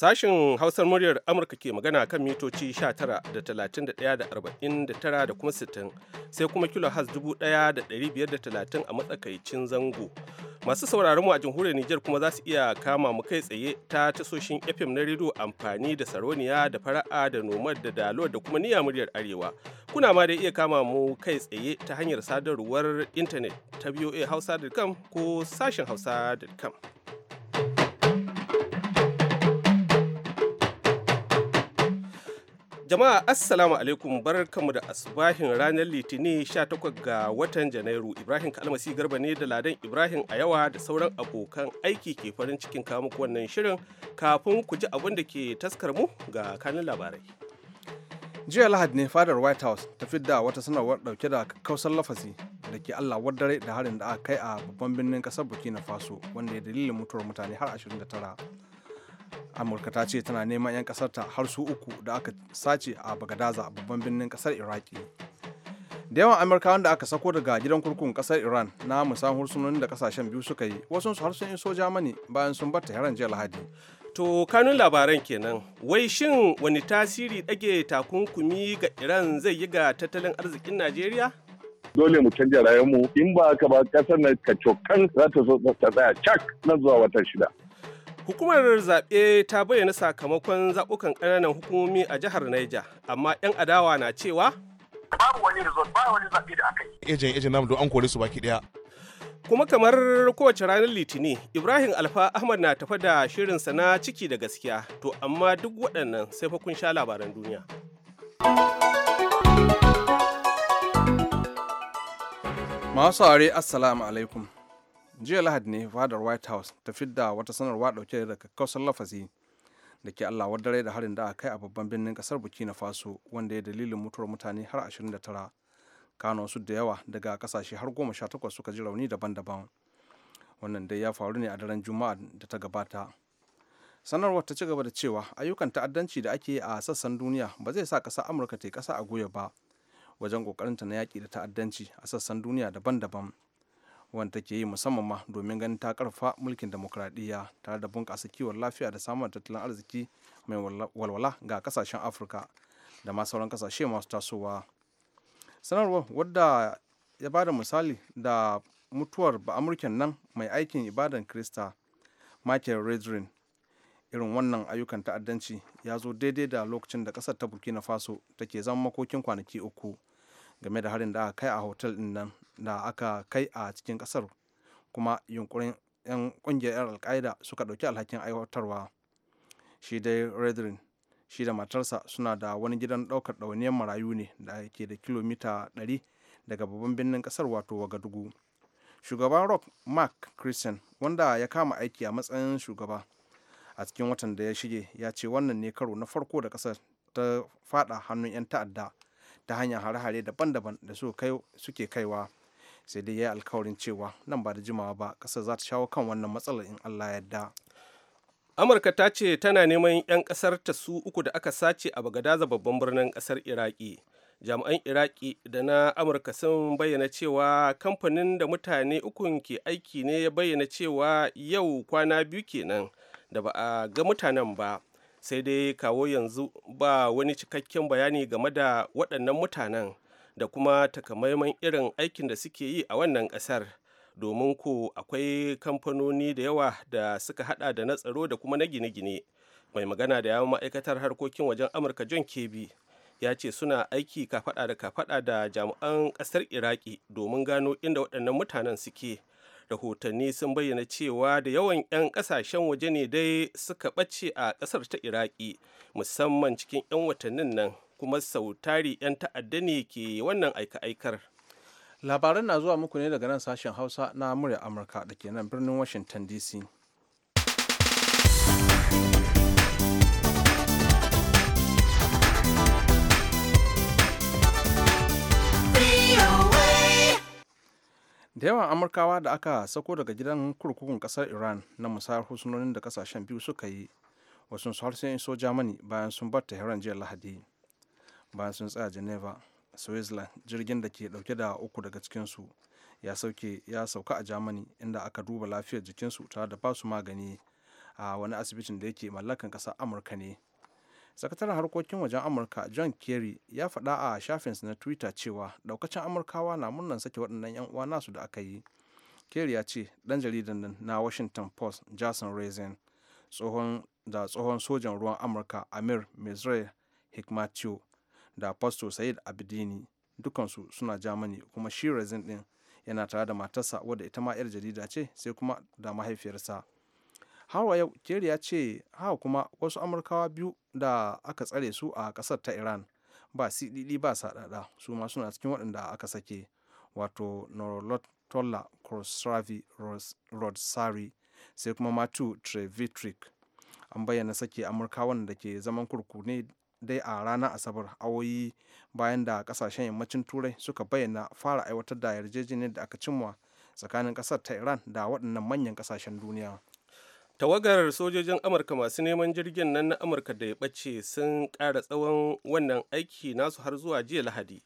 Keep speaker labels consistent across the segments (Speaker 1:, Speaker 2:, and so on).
Speaker 1: Sashen Hausar muryar Amurka ke magana kan mitoci 19 da 31 da 49 da kuma 60 sai kuma kilo has 1530 a matsakaicin zango. Masu sauraron mu a jamhuriyar Nijar kuma za su iya kama mu kai tsaye ta tasoshin FM na rediyo amfani da Saroniya da Fara'a da Nomad da Dalo da kuma Niyya muryar Arewa. Kuna ma da iya kama mu kai tsaye ta hanyar sadarwar intanet ta voahausa.com ko sashen hausa.com. Jama'a Assalamu alaikum barkamu da asubahin ranar Litinin 18 ga watan Janairu. Ibrahim Kalmasi Garba ne da Ladan Ibrahim ayawa da sauran abokan aiki ke farin cikin kamu wannan shirin kafin ku ji abin da ke taskar mu ga kanin labarai.
Speaker 2: Jiya Lahadi ne fadar White House ta da wata sanarwar dauke da kausar lafasi da ke Allah dare da harin da aka kai a babban birnin kasar Burkina Faso wanda ya dalilin mutuwar mutane har 29. amurka ta ce tana neman 'yan kasarta har su uku da aka sace a bagadaza babban birnin kasar iraki da yawan amurka wanda aka sako daga gidan kurkun kasar iran na musan hursunoni da kasashen biyu suka yi wasu har sun iso germany
Speaker 1: bayan sun bar tehran jiya lahadi to kanun labaran kenan wai shin wani tasiri ɗage takunkumi ga iran zai yi ga tattalin arzikin najeriya
Speaker 3: dole mu canja rayuwarmu in ba ka ba kasar na kacokan za ta so ta tsaya cak na zuwa watan shida
Speaker 1: Hukumar zaɓe ta bayyana sakamakon zaɓukan ƙananan hukumomi a jihar Niger, amma 'yan adawa na cewa babu wani result ba wani zaɓe da aka yi. Ejen ejen namu an kore su baki ɗaya. Kuma kamar kowace ranar Litini, Ibrahim Alfa Ahmad na tafa da shirinsa na ciki da gaskiya, to amma duk waɗannan sai fa kun sha labaran duniya.
Speaker 2: Masu aure Assalamu alaikum. jiya lahadi ne fadar white house ta fidda wata sanarwa dauke da kakkausar lafazi da ke allah dare da harin da a kai a babban birnin kasar burkina faso wanda ya dalilin mutuwar mutane har 29 kano su da yawa daga kasashe har 18 suka ji rauni daban-daban wannan dai ya faru ne a daren juma'a da ta gabata sanarwar ta ci gaba da cewa ayyukan ta'addanci da ake a sassan duniya ba zai sa kasa amurka ta yi ƙasa a goya ba wajen ƙoƙarinta na yaƙi da ta'addanci a sassan duniya daban-daban wanda take yi musamman ma domin ganin ta karfa mulkin demokradiyya tare da bunƙasa kiwon lafiya da samun tattalin arziki mai walwala ga kasashen afirka da ma sauran kasashe masu tasowa sanarwar wadda ya bada misali da mutuwar ba'amurken nan mai aikin ibadan krista michael redrin irin wannan ayyukan ta'addanci ya zo daidai da lokacin da kasar ta burkina faso take zama makokin kwanaki uku game da harin da aka kai a hotel din nan da aka kai a cikin kasar kuma yunkurin 'yan kungiyar yan alkaida suka ɗauki alhakin aiwatarwa shi dai redrin shi da matarsa suna da wani gidan ɗaukar ɗauniyar marayu ne da ke da kilomita 100 daga babban birnin kasar wato wagadugu shugaban rock mark christian wanda ya kama aiki a matsayin shugaba a cikin watan da ya shige ya ce wannan ne karo na farko da kasar ta fada hannun 'yan ta'adda ta hanyar hare-hare daban-daban da suke kaiwa sai dai ya yi alkawarin cewa nan ba da jimawa ba ƙasar za ta shawo kan wannan matsalar in allah yadda
Speaker 1: amurka ta ce tana neman 'yan ƙasar ta su uku da aka sace a bagadaza babban birnin ƙasar iraki jami'an iraki da na amurka sun bayyana cewa kamfanin da mutane ukun ke aiki ne ya bayyana cewa yau kwana biyu kenan da ba a ga mutanen ba sai dai kawo yanzu ba wani cikakken bayani game da waɗannan mutanen da kuma takamaiman irin aikin da suke yi a wannan ƙasar domin ko akwai kamfanoni da yawa da suka hada da na tsaro da kuma na gine-gine mai magana da yawon ma'aikatar harkokin wajen amurka john kebi ya ce suna aiki kafada da kafada da jami'an ƙasar iraki domin gano inda waɗannan mutanen suke rahotanni sun bayyana cewa da yawan 'yan ƙasashen waje ne dai suka ɓace a ƙasar ta iraki musamman cikin 'yan watannin nan kuma sautari 'yan ta'adda ne ke wannan aika-aikar labaran
Speaker 2: na zuwa muku ne daga nan sashen hausa na murya amurka da ke nan birnin washington dc da yawan amurkawa da aka sako daga gidan kurkukun kasar iran na musayar husnonin da kasashen biyu suka yi wasu har sun iso germany bayan sun bar tehran jiya lahadi bayan sun tsaya geneva switzerland jirgin da ke dauke da uku daga cikinsu ya sauke ya sauka a germany inda aka duba lafiyar jikinsu tare da basu magani a wani asibitin da yake mallakan kasar amurka ne sakataren harkokin wajen amurka john kerry ya faɗa a shafinsa na twitter cewa ɗaukacin amurkawa na murnan sake waɗannan 'yan uwa nasu da aka yi kerry ya ce ɗan jaridan na washington post jason raisin tsohon da tsohon sojan ruwan amurka amir mizrael hikmatio da Pasto Said abidini dukansu suna jamani kuma shi Rezin din yana tare da matarsa wadda ita ma 'yar jarida ce sai kuma da mahaifiyarsa. Hawa yau keriya ce hawa kuma wasu Amurkawa biyu da aka tsare su a kasar ta Iran ba siɗiɗi ba saɗaɗa su ma suna cikin waɗanda aka sake wato Norolotola Crossravi Rodsari sai kuma Matu Trevitrick an bayyana sake Amurkawan da ke zaman kurkuku ne dai a ranar asabar awoyi bayan da kasashen yammacin turai suka bayyana fara aiwatar da yarjejeniyar da aka cimma tsakanin kasar ta iran da waɗannan manyan kasashen duniya
Speaker 1: tawagar sojojin amurka masu neman jirgin nan na amurka da ya ɓace sun ƙara tsawon wannan aiki nasu har zuwa jiya lahadi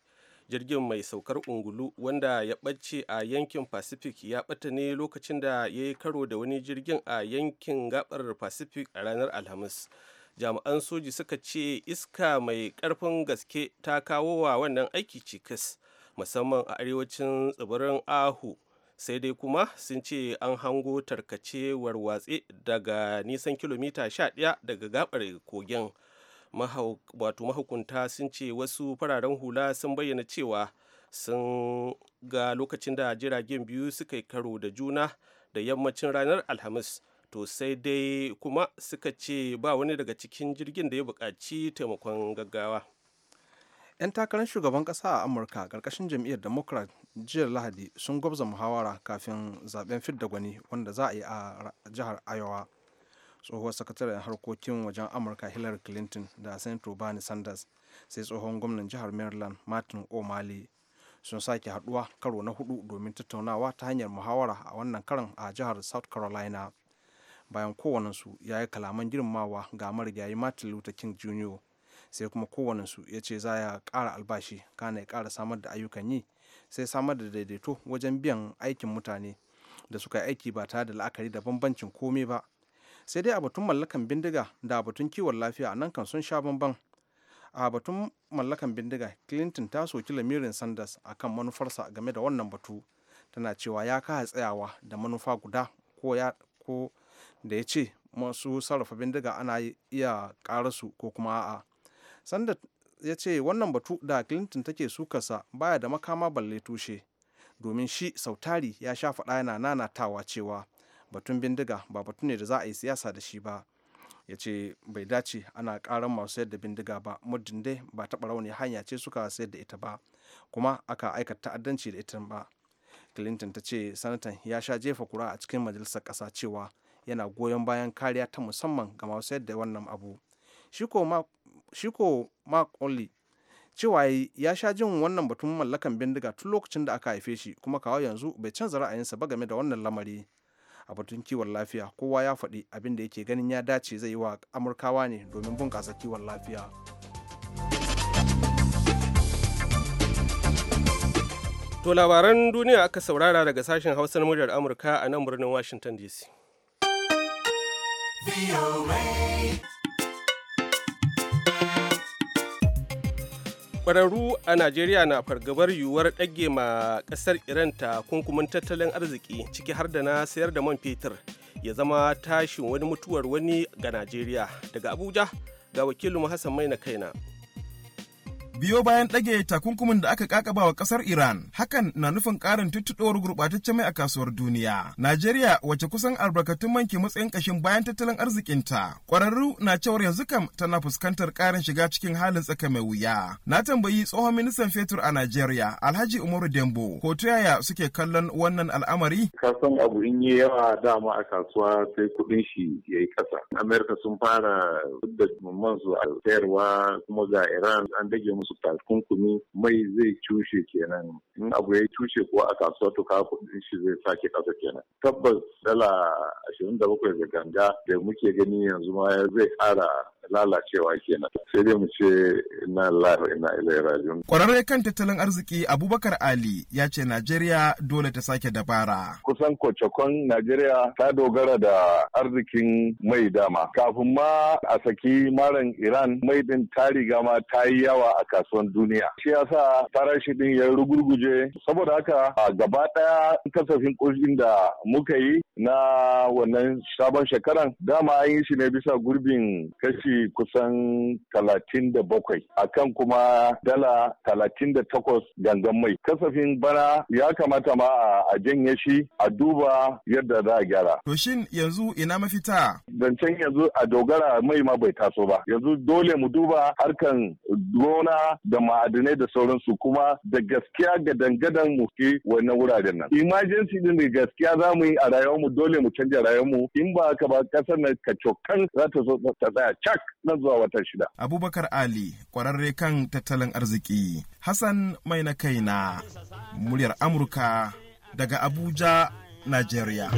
Speaker 1: jirgin mai saukar ungulu wanda ya ɓace a yankin pacific ya ɓata ne lokacin da ya yi karo da wani jirgin a yankin gabar pacific a ranar alhamis jami'an soji suka ce iska mai karfin gaske ta kawo wa wannan aiki cikas musamman a arewacin tsibirin ahu sai dai kuma sun ce an hango tarkace warwatse daga nisan kilomita 11 daga gabar kogin wato mahukunta sun ce wasu fararen hula sun bayyana cewa sun ga lokacin da jiragen biyu suka yi karo da juna da yammacin ranar alhamis to sai dai kuma suka ce ba wani daga cikin jirgin da ya buƙaci taimakon gaggawa
Speaker 2: 'yan takarar shugaban ƙasa a amurka ƙarƙashin jam'iyyar democrat jiya lahadi sun gwabza muhawara kafin zaben fidda gwani wanda za a yi a jihar iowa tsohuwar sakataren harkokin wajen amurka hillary clinton da senator bernie sanders sai tsohon gwamnan jihar maryland martin o'malley sun sake haduwa karo na hudu domin tattaunawa ta hanyar muhawara a wannan karan a jihar south carolina bayan kowanensu ya yi kalaman girmamawa ga marigayi martin luther king jr sai kuma kowanensu ya ce za ya ƙara albashi kana ya kara samar da ayyukan yi sai samar da daidaito wajen biyan aikin mutane da suka yi aiki ba tare da la'akari da bambancin komai ba sai dai a batun mallakan bindiga da a batun kiwon lafiya a nan kan sun sha bamban a batun mallakan bindiga clinton ta soki lamirin sanders a kan manufarsa game da wannan batu tana cewa ya kaha tsayawa da manufa guda ko ko da ya ce masu sarrafa bindiga ana iya karasu ko kuma a'a sanda ya ce wannan batu da clinton take sukasa baya da makama balle tushe domin shi sautari ya sha faɗa yana nanatawa cewa batun bindiga ba batu ne da za a yi siyasa da shi ba ya ce bai dace ana karan masu sayar da bindiga ba muddin dai ba taɓa rauni hanya ce suka sayar da ita ba kuma aka aikata ta'addanci da ita ba clinton ta ce sanatan ya sha jefa kura a cikin majalisar ƙasa cewa yana goyon bayan kariya ta musamman ga masu yadda wannan abu shiko mark only cewa ya sha jin wannan batun mallakan bindiga tun lokacin da aka haife shi kuma kawo yanzu bai canza ra'ayinsa ba game da wannan lamari a batun kiwon lafiya kowa ya faɗi abin da yake ganin ya dace zai yi wa amurkawa ne domin bunƙasa kiwon lafiya
Speaker 1: to labaran duniya aka saurara daga sashen hausa na muryar amurka a nan birnin washington dc Ƙwararru a najeriya na fargabar yiwuwar ɗage ma ƙasar iran ta kunkumin tattalin arziki ciki har da na sayar da man fetur ya zama tashin wani mutuwar wani ga najeriya daga abuja ga wakilin hassan mai na kaina biyo bayan ɗage takunkumin da aka kakaba wa ƙasar Iran. Hakan na nufin ƙarin tuttuɗowar gurɓataccen mai a kasuwar duniya. Najeriya wace kusan albarkatun man matsayin ƙashin bayan tattalin arzikin ta Ƙwararru na cewar yanzu kam tana fuskantar ƙarin shiga cikin halin tsaka mai wuya. Na tambayi tsohon ministan fetur a Najeriya Alhaji Umaru Dembo ko ta yaya suke kallon wannan al'amari?
Speaker 3: Kasan abu in yi yawa dama a kasuwa sai kuɗin shi ya yi ƙasa. Amerika sun fara da mamman su a sayarwa kuma ga Iran an dage musu su takunkumi mai zai cushe kenan in abu ya cushe ko a kasuwa to ka kuɗin shi zai sake ƙasa kenan tabbas dala ashirin da bakwai da ganga da muke gani yanzu ma zai ƙara lalacewa kenan sai dai mu ce na lara ina ilai rajin. Kwararre kan tattalin
Speaker 1: arziki Abubakar Ali ya ce Najeriya dole ta sake dabara.
Speaker 3: Kusan kocakon Najeriya ta dogara da arzikin mai dama. Kafin ma a saki maran Iran mai din ta riga ma ta yi yawa a kasuwan duniya. Shi sa farashi din ya rugurguje saboda haka a gaba ɗaya, kasafin kuɗin da muka yi na wannan sabon shekaran dama an yi shi ne bisa gurbin kashi kashi kusan talatin da bakwai kan kuma dala talatin da takwas gangan mai kasafin bana ya kamata ma a janye shi a duba yadda za a gyara. To shin yanzu ina mafita? Zancen yanzu a dogara mai ma bai taso ba. Yanzu dole mu duba harkan gona da ma'adinai da sauransu kuma da gaskiya ga dangadan mu ke wannan wuraren nan. Emergency din da gaskiya za mu yi a rayuwarmu dole mu canja mu. in ba haka ba kasar nan kacokan za ta zo ta tsaya cak. na zuwa watan shida. Abubakar Ali, kwararre
Speaker 1: kan tattalin arziki. Hassan mai na kai na muryar Amurka daga Abuja, Najeriya.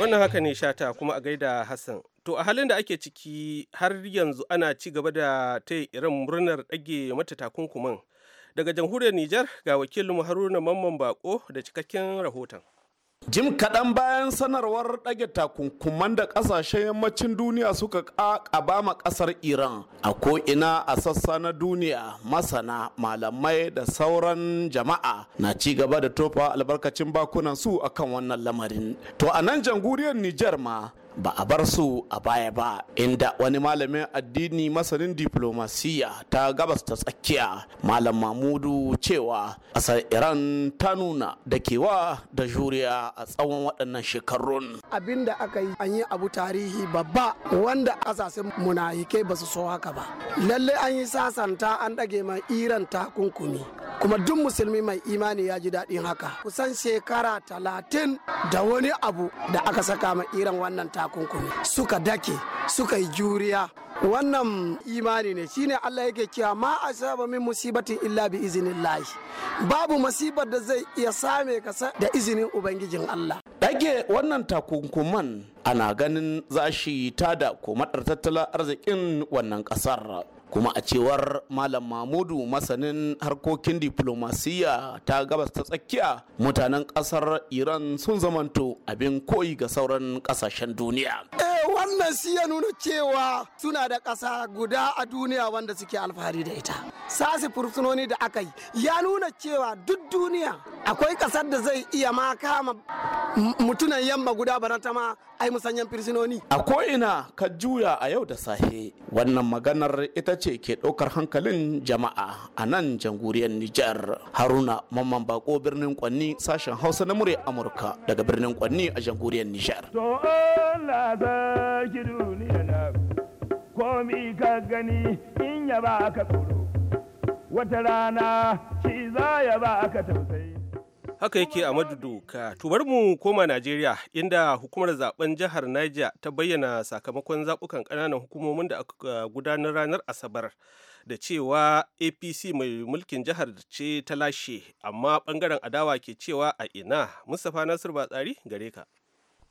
Speaker 1: Wannan haka ne shata kuma a gaida Hassan. To a halin da ake ciki har yanzu ana ci gaba da ta irin murnar ɗage mata takunkuman. Daga jamhuriyar Nijar ga wakilin Haruna Mamman Bako da cikakken rahoton.
Speaker 4: Jim kaɗan bayan sanarwar ɗage takunkuman da ƙasashen yammacin duniya suka ƙaba ma ƙasar Iran a ko'ina a sassa na duniya masana malamai da sauran jama'a na ci gaba da tofa albarkacin bakunan su akan wannan lamarin. To a nan jamhuriyar Nijar ma ba a bar su a baya ba inda wani malamin addini masanin diplomasiya ta gabas ta tsakiya malam mamudu cewa ƙasar iran ta nuna da kewa da juriya a tsawon waɗannan shekarun abin da aka yi an yi abu tarihi babba wanda ƙasashen munahikai ba su so haka ba lalle an yi sasanta an ɗage ma iran takunkumi kuma duk musulmi mai imani ya ji daɗin haka kusan shekara talatin da wani abu da aka saka ma iran wannan ta. kunkumi suka dake suka yi juriya wannan imani ne shine Allah yake cewa ma asaba min musibatin illa bi iznillahi babu masibar da zai iya same ka da izinin ubangijin Allah dage wannan takunkuman ana ganin zashi tada ko matar tattalin arzikin wannan kasar kuma a cewar malam mahmudu masanin harkokin diplomasiyya ta gabas ta tsakiya mutanen kasar iran sun zamanto abin koyi ga sauran kasashen duniya eh wannan shi ya nuna cewa suna da kasa guda a duniya wanda suke alfahari da ita sasi fursunoni da aka yi ya nuna cewa duk duniya akwai ƙasar da zai iya ma kama mutunan yamma guda barata ma ai musanyen fursunoni a ko'ina ka juya a yau da sahe wannan maganar ita ce ke ɗaukar hankalin jama'a a nan jamhuriyar Nijar. Haruna Mamman Bako birnin Kwanni sashen Hausa na murya Amurka daga birnin Kwanni a jamhuriyar Nijar.
Speaker 3: ya ba wata rana shi za ya ba ka tausayi.
Speaker 1: haka yake a maduduka tubar mu koma najeriya inda hukumar zaben jihar niger ta bayyana sakamakon zabukan kananan hukumomin da aka gudanar ranar asabar da cewa apc mai mulkin jihar ce ta lashe amma bangaren adawa ke cewa a ina mustapha nasir batsari gare ka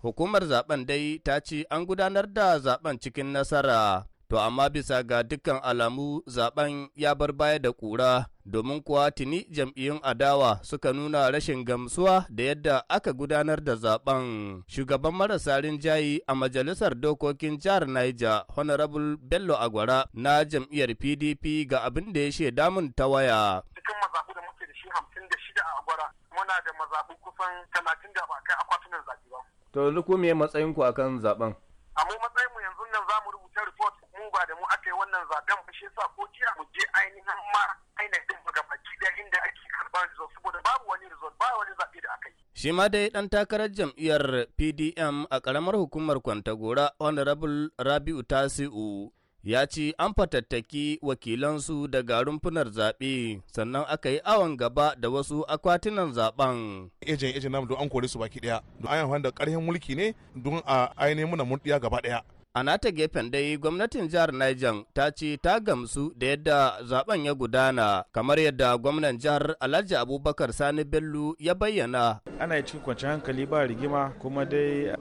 Speaker 5: hukumar zaben dai ta ce an gudanar da zaben cikin nasara to amma bisa ga dukkan alamu zaben ya bar baya da kura domin kuwa tuni jam'iyyun adawa suka nuna rashin gamsuwa da yadda aka gudanar da zaben shugaban marasa rinjayi a majalisar dokokin jihar Niger honorable Bello Agwara na jam'iyyar PDP ga abin da ya shaida mun ta waya cikin mazaɓu da muke da shi hamsin da shida a Agwara muna da mazaɓu kusan talatin da ba kai akwatunan zaɓe ba to yanzu me matsayin ku akan zaben a
Speaker 3: mu matsayin mu yanzu nan za mu rubuta report mu ba da mu aka wannan zaben ba shi yasa ko jiya mu je ainihin ma ainihin ga baki da inda ake karɓar result saboda babu wani result ba
Speaker 5: wani zaɓe da aka yi. Shi ma dai dan takarar jam'iyyar PDM a karamar hukumar Kwantagora Honorable Rabi'u Tasi'u ya ce an fatattaki wakilansu daga rumfunar zaɓe sannan aka yi awon gaba da wasu akwatunan zaɓen. Ejen ejen namu don an kore su baki ɗaya don an da ƙarfin mulki ne don a ainihin muna mun ɗiya gaba ɗaya. A nata gefen dai gwamnatin jihar Niger ta ce ta gamsu da yadda zaben ya gudana kamar yadda gwamnan jihar Alhaji Abubakar Sani Bello ya bayyana. Ana cikin kwanciyar hankali ba rigima kuma dai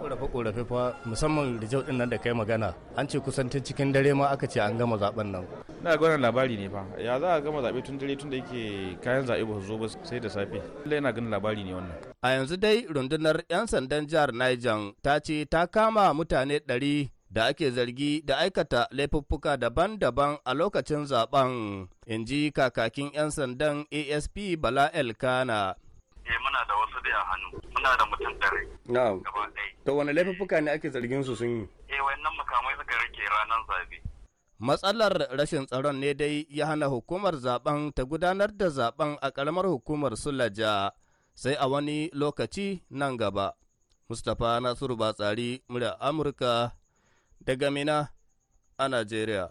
Speaker 5: korafe-korafe fa musamman da jau nan da kai magana an ce kusan cikin dare ma aka ce an gama zaben nan na gwanan labari ne fa ya za a gama zaɓe tun dare tun da yake kayan zaɓe ba su zo ba sai da safe lallai yana ganin labari ne wannan a yanzu dai rundunar 'yan sandan jihar niger ta ce ta kama mutane 100 da ake zargi da aikata laifuffuka daban-daban a lokacin zaben in ji kakakin 'yan sandan asp bala elkana
Speaker 3: eh muna da wasu da hannu muna da mutum dare
Speaker 5: to wani laifuffuka ne ake zargin su sun yi
Speaker 3: eh wannan mukamai suka rike ranar zabe
Speaker 5: Matsalar rashin tsaron ne dai ya hana hukumar zaben ta gudanar da zaben a ƙaramar hukumar Sulaja sai a wani lokaci nan gaba. Mustapha Nasiru Batsari, murya Amurka daga Mina a Najeriya.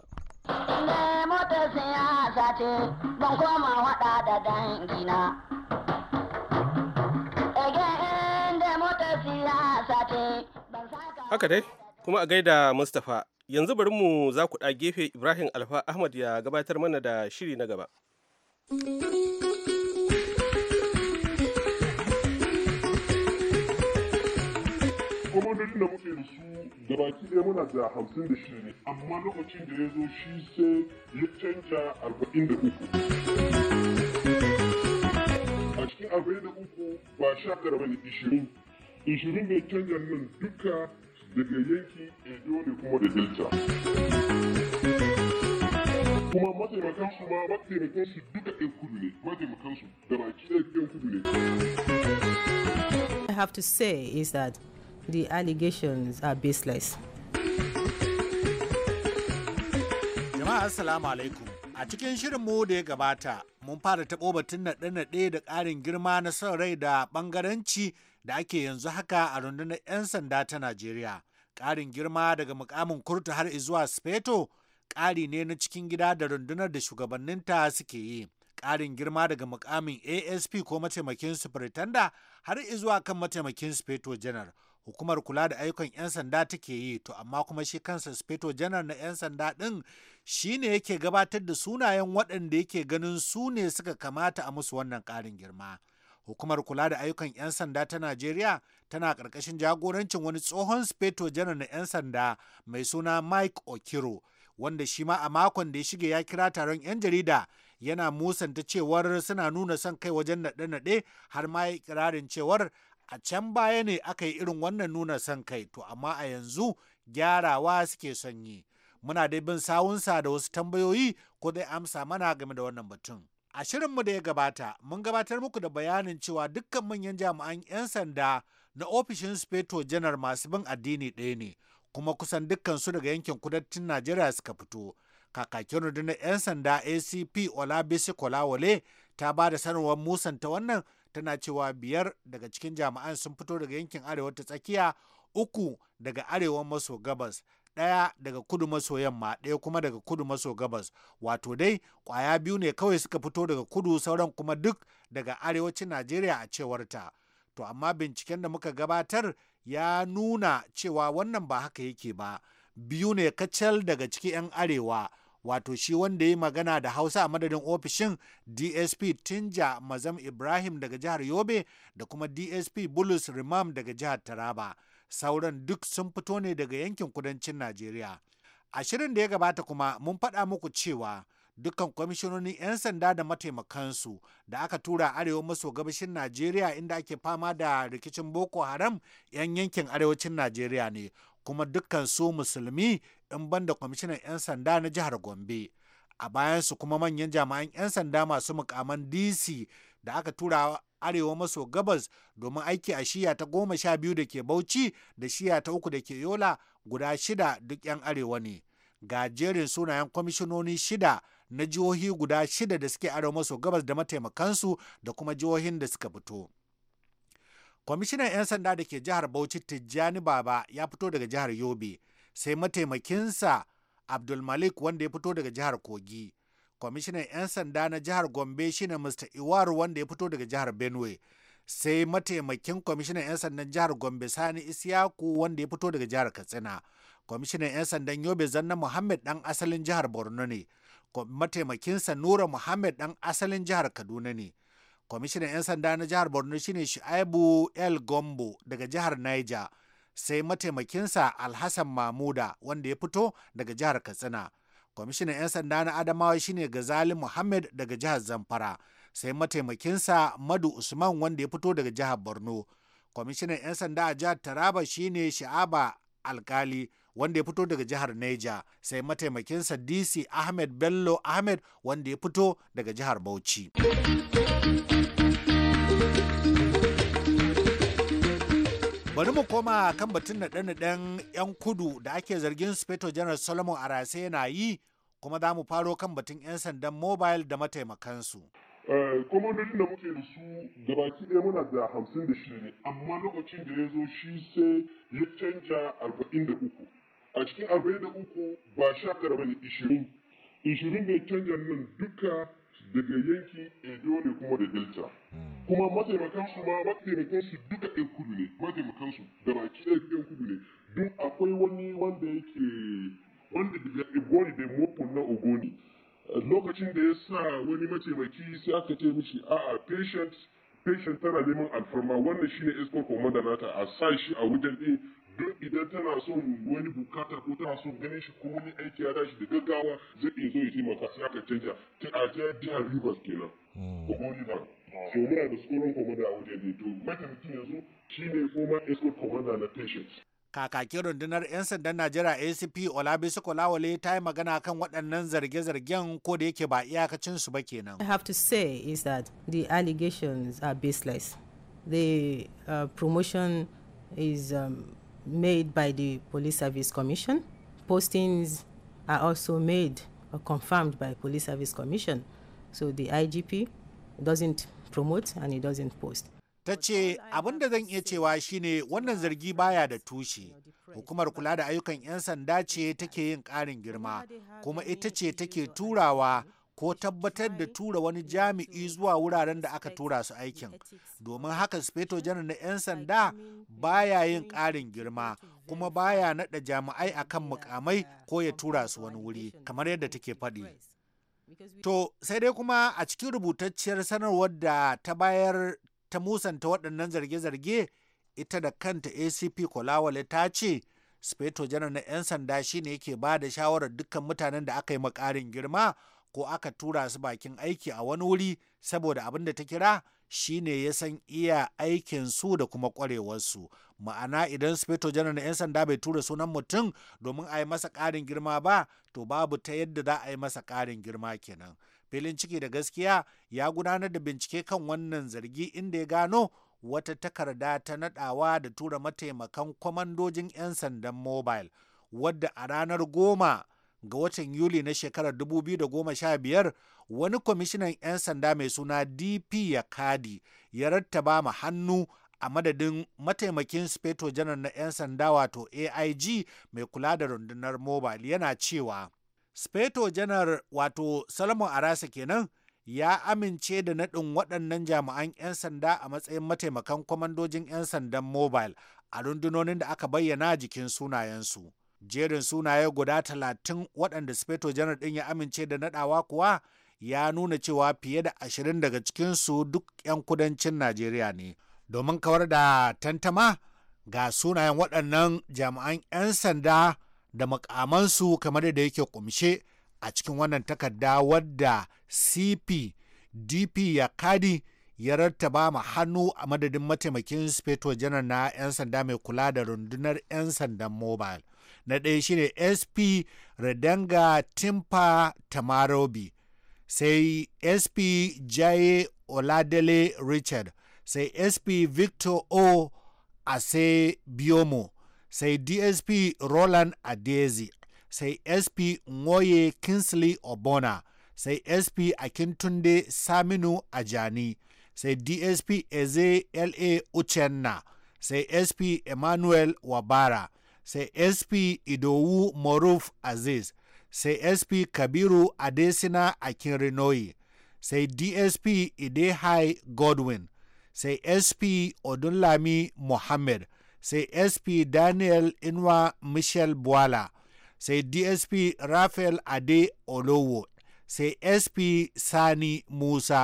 Speaker 1: Haka dai, kuma a gaida Mustapha yanzu bari mu za ku gefe ibrahim alfa ahmad ya gabatar mana da shiri na gaba
Speaker 6: gwamnatocin da muke da su da baki ɗaya muna da hamsin da shida ne amma lokacin da ya zo shi sai ya canja arba'in da uku a cikin arba'in da uku ba sha tara ba ne ishirin ishirin mai canja nan duka daga yanki edo da kuma da delta kuma mataimakan su ma mataimakan su duka yan kudu ne mataimakan su da baki
Speaker 1: da yan kudu ne I have to say is that the allegations are baseless.
Speaker 7: Jama'a Assalamu alaikum. A cikin shirin mu da ya gabata, mun fara taɓo batun naɗe-naɗe da ƙarin girma na son rai da ɓangaranci da ake yanzu haka a rundunar 'yan sanda ta Najeriya. Ƙarin girma daga mukamin kurtu har zuwa Sufeto ƙari ne na cikin gida da rundunar da shugabanninta suke yi. Ƙarin girma daga mukamin ASP ko mataimakin Sufritanda har izuwa kan mataimakin Sufeto Janar. hukumar kula da ayyukan 'yan sanda take yi to amma kuma shi kansa speto janar na 'yan sanda ɗin shi ne yake gabatar da sunayen waɗanda yake ganin su ne suka kamata a musu wannan ƙarin girma hukumar kula da ayyukan 'yan sanda ta najeriya tana ƙarƙashin jagorancin wani tsohon speto janar na 'yan sanda mai suna mike okiro wanda shi ma a makon da ya shige ya kira taron 'yan jarida yana musanta cewar suna nuna son kai wajen naɗe-naɗe har ma ya kirarin cewar a can baya ne aka yi irin wannan nuna son kai to amma a yanzu gyarawa suke son yi muna dai bin sawunsa da wasu tambayoyi ko dai amsa mana game da wannan batun A shirinmu da ya gabata, mun gabatar muku da bayanin cewa dukkan manyan jami'an 'yan sanda na ofishin Speto janar masu bin addini ɗaya ne, kuma kusan dukkansu daga yankin kudancin Najeriya suka fito. Kakakin rundunar 'yan sanda ACP Olabisi Kolawole ta ba da sanarwar musanta wannan tana cewa biyar daga cikin jami'an sun fito daga yankin arewa ta tsakiya, uku daga arewa maso gabas, ɗaya daga kudu maso yamma ɗaya kuma daga kudu maso gabas wato dai ƙwaya biyu ne kawai suka fito daga kudu sauran kuma duk daga arewacin najeriya a cewarta to amma binciken da muka gabatar ya nuna cewa wannan ba haka yake ba biyu ne kacal daga ciki 'yan arewa wato shi wanda ya magana da hausa a madadin ofishin dsp tinja mazam ibrahim daga jihar yobe da kuma dsp bulus rimam daga jihar taraba sauran duk sun fito ne daga yankin kudancin Najeriya. A shirin da ya gabata kuma mun faɗa muku cewa dukkan kwamishinonin 'yan sanda da mataimakansu da aka tura arewa maso gabashin Najeriya inda ake fama da rikicin Boko Haram 'yan yankin arewacin Najeriya ne kuma dukkan su musulmi in banda kwamishinan 'yan sanda na jihar Gombe. A bayansu kuma manyan jami'an 'yan sanda masu mukaman DC da aka tura arewa maso gabas domin aiki a shiya ta goma sha biyu da ke bauchi da shiya ta uku da ke yola guda shida duk 'yan arewa ne ga jerin sunayen kwamishinoni shida na jihohi guda shida da suke arewa maso gabas da mataimakansu da kuma jihohin da suka fito kwamishinan 'yan sanda da ke jihar bauchi tijjani baba ya fito daga jihar yobe sai mataimakinsa abdulmalik wanda ya fito daga jihar kogi kwamishinan 'yan sanda na jihar gombe shine mr iwaru wanda ya fito daga jihar benue sai mataimakin kwamishinan 'yan sandan jihar gombe sani isiaku wanda ya fito daga jihar katsina kwamishinan 'yan sandan yobe zanna muhammad dan asalin jihar borno ne mataimakinsa nura muhammad dan asalin jihar kaduna ne kwamishinan 'yan sanda na jihar borno shine shu'aibu el gombo daga jihar niger sai mataimakinsa alhassan mamuda wanda ya fito daga jihar katsina kwamishinan 'yan sanda na adamawa shine gazali muhammad daga jihar zamfara sai mataimakinsa madu usman wanda ya fito daga jihar borno kwamishinan 'yan sanda a jihar taraba shine sha'aba alkali wanda ya fito daga jihar neja sai mataimakinsa dc ahmed bello ahmed wanda ya fito daga jihar bauchi bari mu koma kan batun naɗe ɗan 'yan kudu da ake zargin speto general solomon arase na yi kuma za mu faro kan batun 'yan sandan mobile da mataimakansu kwamandodin eh, da
Speaker 6: muke da su da baki ɗaya muna da hamsin da shida ne amma lokacin da ya zo shi sai ya canja arba'in da uku a cikin arba'in da uku ba sha tara ba ne ishirin ishirin ne canja nan duka daga yanki edo eh, ne kuma da delta kuma mataimakan su ma mataimakan su duka yan kudu ne mataimakan su da baki yan kudu ne duk akwai wani wanda yake wanda daga igoni da mopon na ogoni lokacin da ya sa wani mataimaki sai aka ce mishi a'a patient patient tana neman alfarma wannan shine escort commander nata a sa shi a wajen din don idan tana son wani bukata ko tana son ganin shi ko wani aiki ya tashi da gaggawa zai iya zo ya taimaka sai aka canja ta a ta jihar Rivers kenan ko hmm. ba so muna da tsoron komanda a wajen ne to mataimakin yanzu shi shine former escort commander na patients
Speaker 7: kakakin rundunar 'yan sandan Najeriya ACP Olabisu Kolawole ta yi magana kan waɗannan zarge-zargen ko da yake ba iyakacin su ba kenan. I
Speaker 1: have to say is that the allegations are baseless. The uh, promotion is um, made by the Police Service Commission. Postings are also made or confirmed by Police Service Commission. So the IGP doesn't promote and he doesn't post.
Speaker 7: ta ce abin da zan iya cewa shine wannan zargi baya da tushe hukumar kula da ayyukan 'yan sanda ce take yin ƙarin girma kuma ita ce take turawa ko tabbatar da tura wani jami'i zuwa wuraren da aka tura su aikin domin haka speto janar na 'yan sanda baya yin ƙarin girma kuma baya naɗa jami'ai akan mukamai ko ya tura su wani wuri kamar yadda take faɗi to sai dai kuma a cikin rubutacciyar sanarwar da ta bayar ta musanta waɗannan zarge-zarge ita da kanta acp kolawale ta ce speto janar na 'yan sanda shine yake ba da shawarar dukkan mutanen da aka yi makarin girma ko aka tura su bakin aiki a wani wuri saboda abin da ta kira shi ne ya san iya aikin su da kuma kwarewarsu ma'ana idan speto janar na 'yan sanda bai tura sunan mutum domin a yi masa ƙarin girma ba to babu ta yadda za a yi masa ƙarin girma kenan filin ciki da gaskiya ya gudanar da bincike kan wannan zargi inda ya gano wata takarda ta nadawa da tura mataimakan kwamandojin 'yan sandan mobile wadda a ranar goma ga watan Yuli na shekarar 2015 wani kwamishinan 'yan sanda mai suna DP ya kadi, ya rattaba ma hannu a madadin mataimakin speto janar na 'yan sanda wato AIG mai kula da rundunar mobile yana cewa speto janar wato Salomon Arasa kenan ya amince da naɗin waɗannan jami'an 'yan sanda a matsayin mataimakan kwamandojin 'yan sandan mobile a rundunonin da aka bayyana jikin sunayensu. jerin sunaye guda talatin waɗanda speto janar ɗin ya amince da naɗawa kuwa ya nuna cewa fiye da ashirin daga cikinsu duk 'yan kudancin najeriya ne domin kawar da tantama ga sunayen waɗannan jami'an 'yan sanda da makamansu kamar da yake kumshe a cikin wannan takarda wadda cp dp ya kadi ya rattaba ma hannu a madadin mataimakin speto janar na 'yan sanda mai kula da rundunar 'yan sandan mobile na ɗaya shine sp redanga timpa tamarobi sai sp jaye oladele richard sai sp victor o ase biomo sai dsp roland adezi sai sp ngoye kinsley obona sai sp akintunde saminu ajani sai dsp eze la uchenna sai sp emmanuel wabara sai sp idowu maruf aziz sai sp kabiru adesina akinrinoyi sai dsp idehai godwin sai sp odunlami mohammed sai sp daniel inwa michel bwala sai dsp rafael ade olowo sai sp sani musa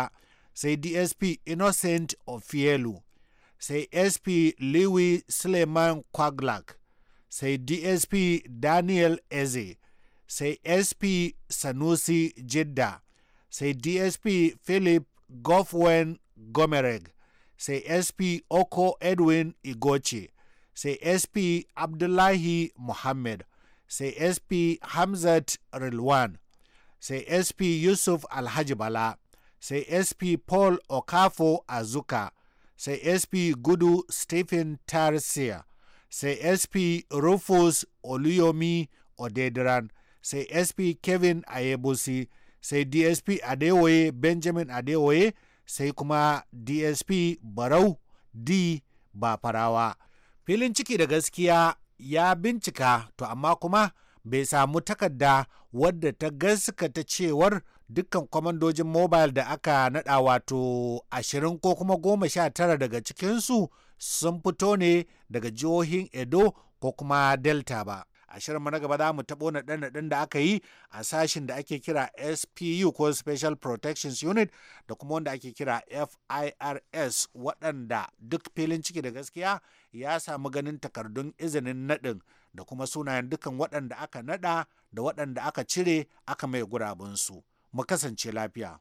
Speaker 7: sai dsp innocent ofielu sai sp liwi suleiman kwaglak sai DSP Daniel Eze, sai SP Sanusi Jidda, sai DSP Philip Goffwen Gomereg, sai SP Oko Edwin Igochi, sai SP Abdullahi Muhammad, sai SP Hamzat Rilwan, sai SP Yusuf Alhaji Bala, sai SP Paul Okafo Azuka, sai SP Gudu Stephen Tarsier. sai sp rufus oluyomi odedran sai sp kevin ayebusi sai dsp adewoye benjamin adewoye sai kuma dsp barau d ba filin ciki da gaskiya ya bincika to amma kuma bai samu takarda wadda ta gaskata cewar dukkan kwamandojin mobile da aka nada wato ashirin ko kuma goma sha tara daga cikinsu sun fito ne daga jihohin Edo ko kuma Delta ba. a shirin mana gaba za mu taɓo na ɗan da aka yi a sashin da ake kira SPU ko Special Protections Unit da kuma wanda ake kira FIRS waɗanda duk filin ciki da gaskiya ya samu ganin takardun izinin naɗin da kuma sunayen dukan waɗanda aka naɗa da waɗanda aka cire aka mai gurabunsu. Mu kasance lafiya.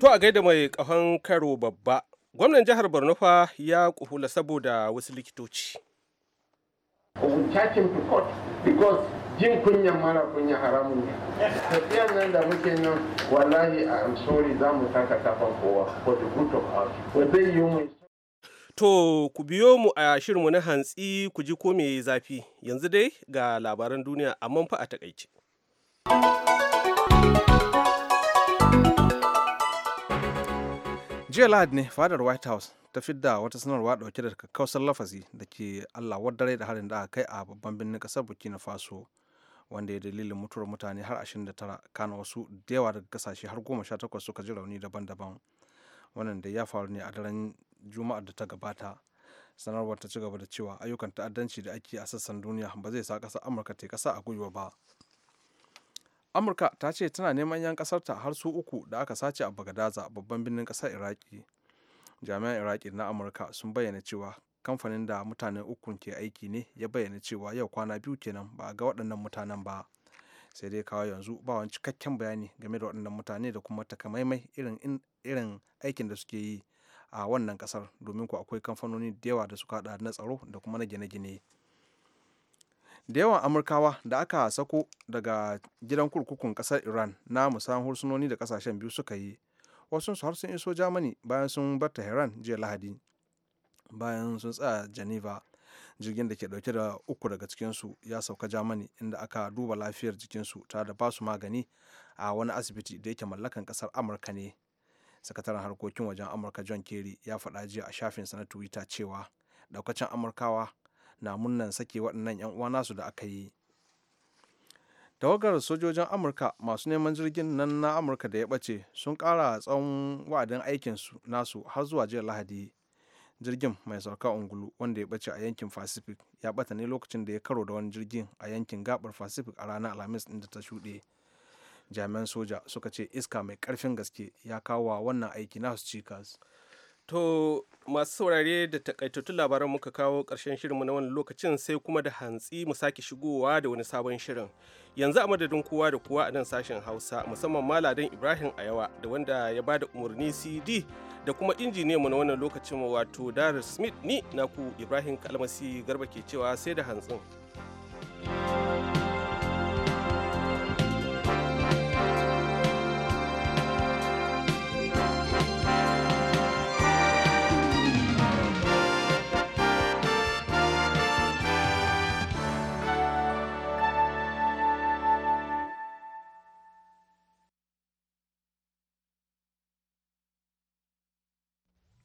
Speaker 7: To a gaida mai kahon
Speaker 1: karo babba, gwamnan jihar Borno fa ya kuhula saboda wasu likitoci. We charge to court because jin kunyan mara kunyan haramun ne.
Speaker 3: Tafiyan nan da muke nan
Speaker 1: wallahi I'm sorry za mu taka kafan kowa for the good of our people. zai yi mu To ku biyo mu a shirinmu na hantsi ku ji ko me zafi yanzu dai ga labaran duniya amma fa a takaice.
Speaker 2: jiya lahadi ne fadar white house ta da wata sanarwa dauke da kakkausar lafazi da ke allah wadare da harin da aka kai a babban birnin kasar burkina faso wanda ya dalilin mutuwar mutane har 29 kana wasu da yawa daga kasashe har 18 suka ji rauni daban-daban wannan da ya faru ne a daren juma'ar da ta gabata sanarwar ta ci gaba da cewa ayyukan ta'addanci da ake a sassan duniya ba zai sa ƙasar amurka ta kasa a gwiwa ba amurka ta ce tana neman 'yan kasarta har su uku da aka sace a bagadaza babban birnin kasar iraki jami'an iraki na amurka sun bayyana cewa kamfanin da mutane uku ke aiki ne ya bayyana cewa yau kwana biyu kenan ba a ga waɗannan mutanen ba sai dai kawo yanzu ba wani cikakken bayani game da waɗannan mutane da kuma takamaimai irin irin aikin da suke yi a wannan kasar domin ku akwai kamfanoni da yawa da suka hada na tsaro da kuma na gine-gine da yawan amurkawa da aka sako daga gidan kurkukun kasar iran na musamman hursunoni da kasashen biyu suka yi wasu su sun iso germany bayan sun bar tehran jiya lahadi bayan sun tsaya geneva jirgin da ke dauke da uku daga cikinsu ya sauka germany inda aka duba lafiyar jikinsu tare da basu magani a wani asibiti da yake mallakan kasar amurka ne sakataren harkokin wajen amurka john kerry ya faɗa jiya a shafinsa na twitter cewa ɗaukacin amurkawa na murnan sake waɗannan 'yan uwa nasu da aka yi tawagar sojojin amurka masu neman jirgin nan na amurka da ya ɓace sun ƙara tsawon wa'adin aikinsu nasu har zuwa jiya lahadi jirgin mai sauka ungulu wanda ya ɓace a yankin pacific ya ɓata ne lokacin da ya karo da wani jirgin a yankin gabar pacific a ranar alhamis inda da ta shuɗe jami'an soja suka ce iska mai ƙarfin gaske ya kawo wannan aiki nasu cikas
Speaker 1: To masu saurare da takaitattun labaran muka kawo ƙarshen shirinmu na wani lokacin sai kuma da hantsi mu sake shigowa da wani sabon shirin. Yanzu a madadin kowa da kowa a nan sashen Hausa musamman Maladin Ibrahim Ayawa da wanda ya ba da umarni CD da kuma mu na wannan lokacin wato Darus Smith ni naku Ibrahim Kalmasi Garba ke cewa sai da hantsin.